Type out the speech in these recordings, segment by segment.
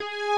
you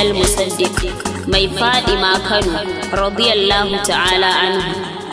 al-musaddiq mai ma kano radiyallahu ta'ala anhu